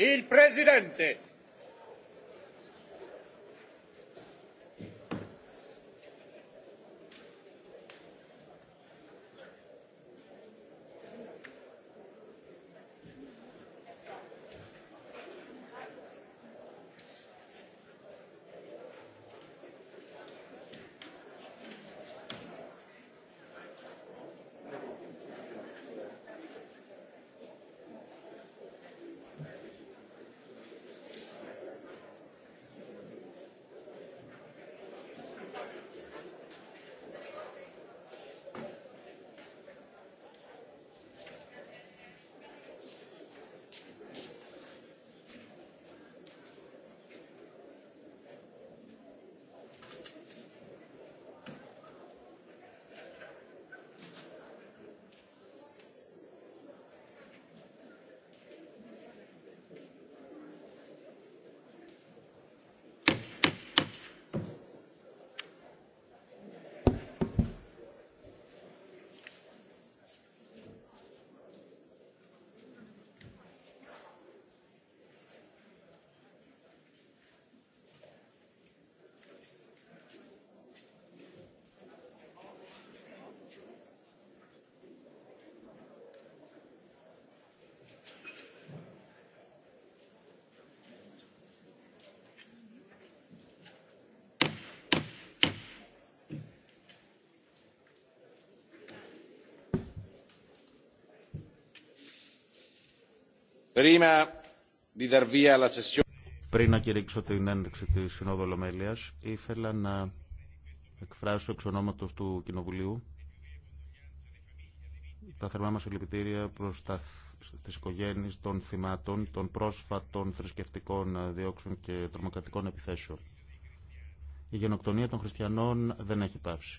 Il Presidente. Πριν να κηρύξω την έναρξη τη Συνόδου Ολομέλεια, ήθελα να εκφράσω εξ ονόματο του Κοινοβουλίου τα θερμά μα συλληπιτήρια προ τα τις οικογένειες των θυμάτων των πρόσφατων θρησκευτικών ε, διώξεων και τρομοκρατικών επιθέσεων. Η γενοκτονία των χριστιανών δεν έχει πάψει.